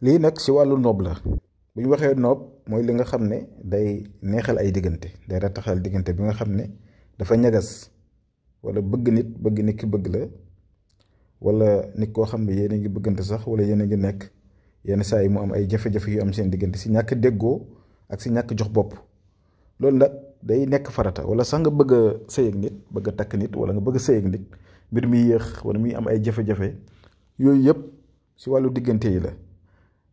lii nag si wàllu noob la bu ñu waxee noob mooy li nga xam ne day neexal ay diggante day rattaxal diggante bi nga xam ne dafa ñagas walla bëgg nit bëgg nit ki bëgg la walla nit koo xam ne yéen a ngi bëggante sax wala yéen ngi nekk yenn saa yi mu am ay jafe-jafe yu am seen diggante si ñàkk déggoo ak si ñàkk jox bopp loolu nag day nekk farata wala sax nga bëgg bëgg a takk nit wala bëgg a mbir mi yéex wala am ay jafe yooyu yëpp ci wàllu diggante yi la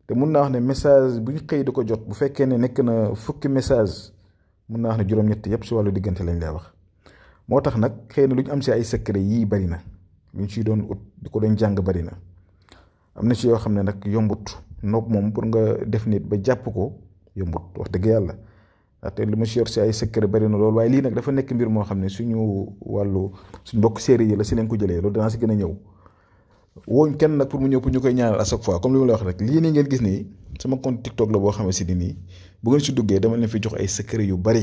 te mun naa wax ne message bu ñu xëy di ko jot bu fekkee ne nekk na fukki message mun naa wax ne juróom-ñett yëpp si wàllu diggante lañ lay wax moo tax nag xëy na lu ñu am si ay secret yii bari na lu ñu siy doon ut di ko doon jàng bari na am na si yoo xam ne nag yombut nopp moom pour nga def nit ba jàpp ko yombut wax dëgg yàlla ndaxte lu ma si yor si ay secret bari na loolu waaye lii nag dafa nekk mbir moo xam ne suñu wàllu su mbokk séeréer yi la si leen ko jëlee loolu danaa si gën a ñëw. wooñ kenn nag pour mu ñëw pour ñu koy ñaanal à chaque fois comme li ma la wax rek lii nii ngeen gis nii sama compte TikTok la boo xamee si ni nii bu ngeen si duggee dama leen fi jox ay secret yu bari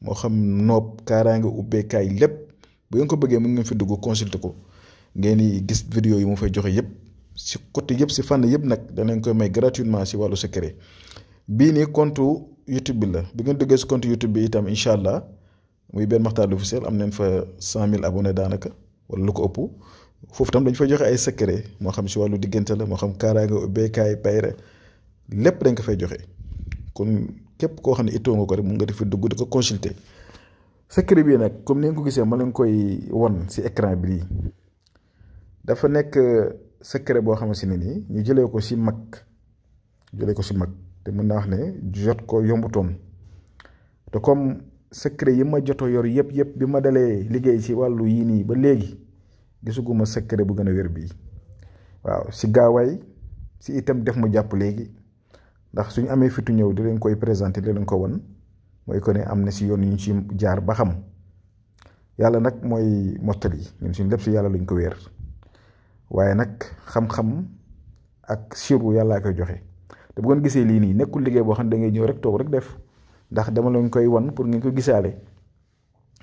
moo xam noob kaaraange ubbeekaay lépp bu ngeen ko bëggee mu ngeen fi dugg consulter ko ngeen gis vidéo yi mu fay joxe yëpp si côté yëpp si fànn yëpp nag danañ koy may gratuitement si wàllu secret bii nii compte YouTube bi la bu ngeen duggee si compte YouTube bi itam incha allah muy benn Maxtar Officiel am nañ fa 100000 abonnés daanaka wala lu ko ëpp. foofu tam dañ fa joxe ay secret moo xam si wàllu diggante la moo xam kaaraange ubbeekaay payre lépp dañ ko fay joxe kon képp koo xam ne ittoo nga ko rek mun nga defi dugg di ko consulter secret bii nag comme ni nga ko gisee ma leen koy won si écran bi nii dafa nekk secret boo xamante ne nii ñu jëlee ko si mag jëlee ko si mag te mën naa wax ne jot ko yombutoon te comme secret yi ma jotoo yor yëpp yëpp bi ma dalee liggéey si wàllu yii nii ba léegi. gisuguma secret bu gën a wér bii waaw si gaawaay si itam def mu jàpp léegi ndax suñu amee fitu ñëw di leen koy présenté di leen ko won mooy ko ne am na si yoon yu ñu ci jaar ba xam yàlla nag mooy mottal yi ñun suñ lépp si yàlla luñ ko wéer waaye nag xam-xam ak siru yàllaa koy joxe te bu ngeen gisee lii nii nekkul liggéey boo xam ne da ngay ñëw rek toog rek def ndax dama lañ koy won pour ngeen ko gisaale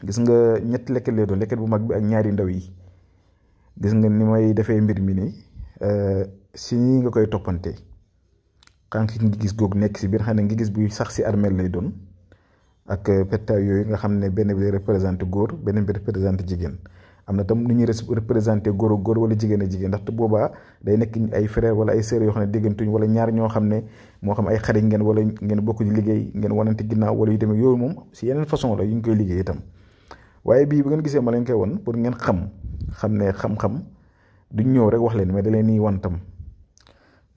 gis nga ñetti lekket lay doon lekket bu mag bi ak ñaari ndaw yi gis nga ni may defee mbir mi nii euh, si nii nga koy toppante xànq ngi gis googu nekk si biir xam ne ngi gis buy sax si armeel lay doon ak euh, pettaaw yooyu nga xam ne benn bi représenté góor beneen bi représenté jigéen am na tam nu ñuy représenté góor ak góor wala jigéen ak jigéen ndaxte boobaa day nekk ay frère wala ay sœur yoo xam ne déggantuñ wala ñaar ñoo xam ne moo xam ay xarit ngeen wala ngeen bokkuñ liggéey ngeen wanante ginnaaw wala yu demee yooyu moom si yeneen la yu ñu koy liggéey itam waaye bii bu ngeen gisee ma lañ koy won pour ngeen xam xam ne xam-xam duñ ñëw rek wax leen mais da leen nii wantam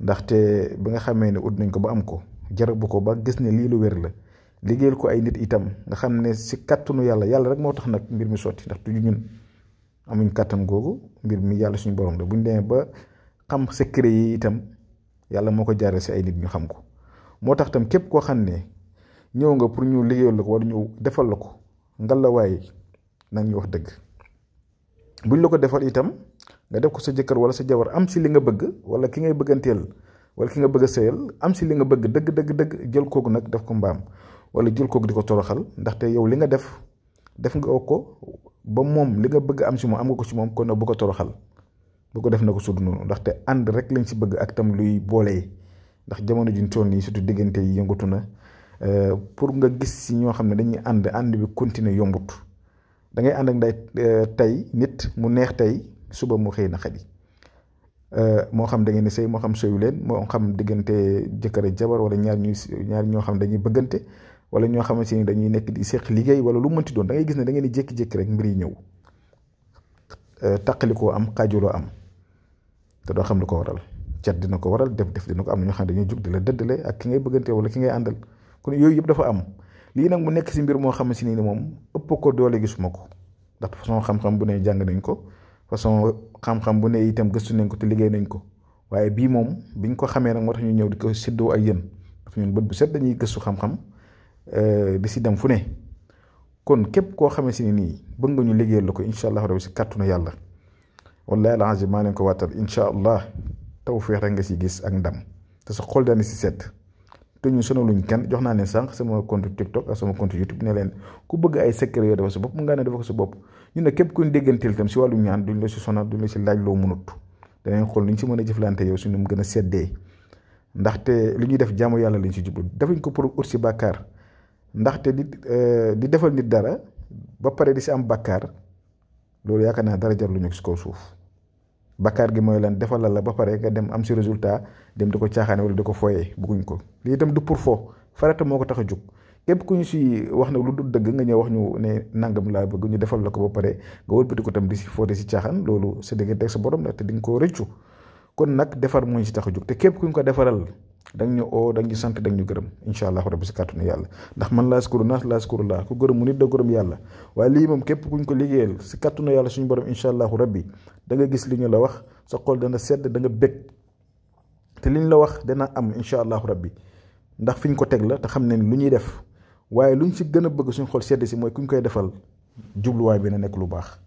ndaxte bi nga xamee ne ut nañ ko ba am ko jarab bu ko ba gis ne lii lu wér la liggéeyal ko ay nit itam nga xam ne si kàttanu yàlla yàlla rek moo tax nag mbir mi sotti ndax ñun amuñ kàttan googu mbir mi yàlla suñu borom la buñ demee ba xam secret yi itam yàlla moo ko jaaree si ay nit ñu xam ko moo tax tam képp koo xam ne ñëw nga pour ñëw liggéeyal la ko wala ñëw defal la ko ngalla waaye nag nañ wax dëgg buñ la ko defal itam nga def ko sa jëkkër wala sa jabar am si li nga bëgg wala ki ngay bëgganteel wala ki nga bëgg a sëyal am si li nga bëgg dëgg dëgg dëgg jël kooku nag def ko mbaam wala jël kooku di ko toroxal ndaxte yow li nga def def nga ko ba moom li nga bëgg am si moom am nga ko si moom kon nag bu ko toroxal bu ko def na ko sudd noonu ndaxte ànd rek lañ si bëgg ak tam luy boole ndax jamono juñ toll nii surtout diggante yi yëngatu na euh, pour nga gis si ñoo xam ne dañuy ànd ànd bi continuer yombut. da ngay ànd ak nday euh, tey nit mu neex tey suba mu xëy na xadi euh, moo xam da ngeen di sëy moo xam sëyu leen moo xam diggante jëkkër ak jabar wala ñaar ñuy ñaar ñoo xam dañuy bëggante wala ñoo xamante ni dañuy nekk di séq liggéey wala lu mënti doon da ngay gis ne dangeen di jékki-jékki rek mbir yi ñëw euh, taqalikoo am xaajaloo am te doo xam lu ko waral cat dina ko waral def def dina ko am na ñoo xam dañuy jug di la dëddale ak ki ngay bëggante wala ki ngay àndal kon yooyu yëpp dafa am lii nag mu nekk si mbir moo xam si ni moom ëpp ko doole gisuma ko ndax façon xam-xam bu ne jàng nañ ko façon xam-xam bu ne itam gëstu nañ ko te liggéey nañ ko waaye bii moom bi biñ ko xamee nag moo tax ñu ñëw di ko séddoo ak yéen ndax ñun bët bu set dañuy gëstu xam-xam euh, di si dem fu ne kon képp koo xamee si ni nii bëgg nga ñu liggéeyal la ko incha allah rabi si kàttanu yàlla wallahi alazim maa leen ko wàttal incha allah taw tawfeex rek nga si gis ak ndam te sa xol dana te ñu sonaluñ kenn jox naa ne sànq sama compte TikTok ak sama compte YouTube ne leen ku bëgg ay secret yoo dafa sa bopp mu ngaa ne dafa ko sa bopp ñu ne képp kuñ dégganteel tam si wàllu ñaan duñ la si sonal si laaj loo munut danañ xool ni ñu si mën a jëflante yow suñu gën a seddee ndaxte li ñuy def jaamu yàlla lañ si jublu defuñ ko pour ut si bàkkaar ndaxte di eh, di defal nit dara ba pare di si am bàkkaar loolu yaakaar naa dara jar lu ñu si kaw suuf bakkaar gi mooy lan defalal la ba pare nga dem am si résultat dem di ko caaxaane wala di ko fooyee bëgguñ ko lii itam du pour foo farata moo ko tax a jug képp ku ñu si wax nag lu du dëgg nga ñëw wax ñu ne nangam laa bëgg ñu defal la ko ba pare nga wëlbati ko tam di si foote si caaxaan loolu sa diggante ak sa borom la te di nga koo rëccu kon nag defar moo ñu si tax a jug te képp ku ñu ko defaral dang ñu oo dang ñu sant dang ñu gërëm incha allah rabbi si kàttanu yàlla ndax man laa skuru naas laa skuru laa ku waaye lii moom képp kuñ ko liggéeyal si kàttanu yàlla suñu borom incha allahu rabbi da nga gis li ñu la wax sa xol dana sedd da nga bég te li ñu la wax dana am incha allahu rabbi ndax fi ñu ko teg la te xam ne lu ñuy def waaye lu ñu si gën a bëgg suñu xol sedd si mooy kuñ koy defal jubluwaay bi na nekk lu baax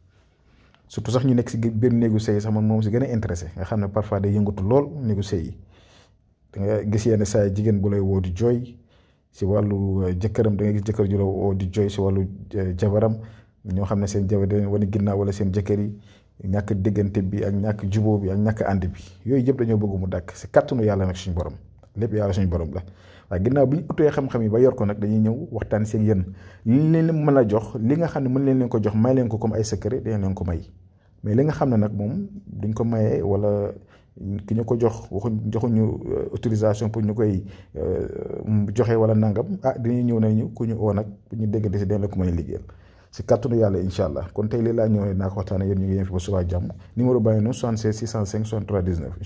surtout sax ñu nekk si biir néegu sëy sax man moom si gën a intéressé nga xam ne parfois day yëngatu lool néegu sëy yi da nga gis yenn saa jigéen bu lay woo di jooy si wàllu euh, jëkkëram da nga gis jëkkër ju la woo jooy si wàllu euh, jabaram ñoo xam ne seen jabar dañ wane ginnaaw wala seen jëkkër yi ñàkk diggante bi ak ñàkk juboo bi ak ñàkk ànd yooyu yëpp dañoo bëgg mu dàkk si kàttanu yàlla nag suñu borom lépp yàlla suñu borom la waaye ginnaaw bi ñu utee xam-xam yi ba yor ko nag dañuy ñëw waxtaan si ak yéen li leen mën a jox li nga xam ne mën leen leen ko jox may leen ko comme ay secret dañ leen ko may mais li nga xam ne nag moom duñ ko mayee wala ki ñu ko jox waxuñ joxuñu euh, autorisation pour ñu koy euh, joxe wala nangam ah dañuy ñëw nañu ku ñu oo nag ñu dégg si den la ko may liggéeyal si kàttanu yàlla incha allah kon tey lii laa ñëw naa ko waxtaanee yéen ñu ngi yem fi ba subaa jàmm numéro baa ngi noonu 76 605 63 19.